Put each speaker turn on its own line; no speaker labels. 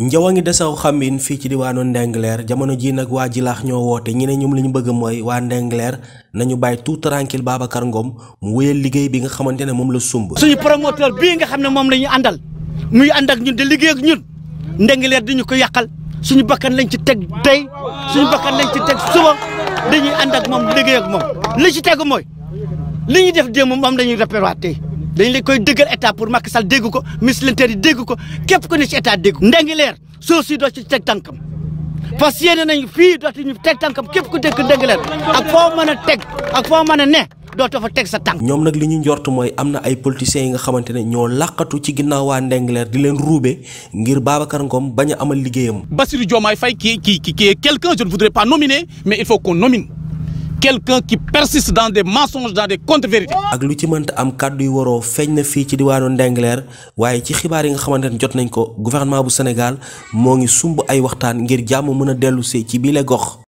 njaw a ngi desaw xambin fii ci diwaanu Ndingler jamono jii nag waa jilaax ñoo woote ñi ne ñoom li ñu bëgg mooy waa Ndingler nañu bàyyi tout tranquille Babacar Ngom mu wéyal liggéey bi nga xamante ne moom la sumb
suñu promoteur bii nga xam ne moom la ñu àndal muy ànd ak ñun di liggéey ak ñun Ndingler diñu ko yàqal suñu bakkan lañ ci teg tey suñu bakkan lañ ci teg suba dañuy ànd ak moom liggéey ak moom li ci teg mooy li ñuy def démb moom dañuy répéwaat dañ leen koy dëggal état pour Macky Sall dégg ko ministre l'intérieur dégg ko képp ko ne ci état dégg ko ndengi leer soo si doo ci teg tànkam parce que nañ fii dootu ñu teg tànkam képp ku dégg ndengi leer ak foo mën a teg ak foo mën a ne dootoo fa teg sa tànk. ñoom nag
li ñu njort mooy am na ay politiciens yi nga xamante ne ñoo làqatu ci ginnaaw waa Ndengler di leen ruube ngir Babacar Ngom
bañ a amal liggéeyam. Bassirou Diomaye Faye qui qui qui est quelqu'un je ne quelqu'un qui persiste dans des mensonges dans des contre-vérités. ak lu ci mënta am kàddu yu
waroo feeñ na fii ci diwaanu Ndingler waaye ci xibaar yi nga xamante ne jot nañ ko gouvernement bu Sénégal moo ngi sumb ay waxtaan ngir jàmm mën a dellu si ci biile gox.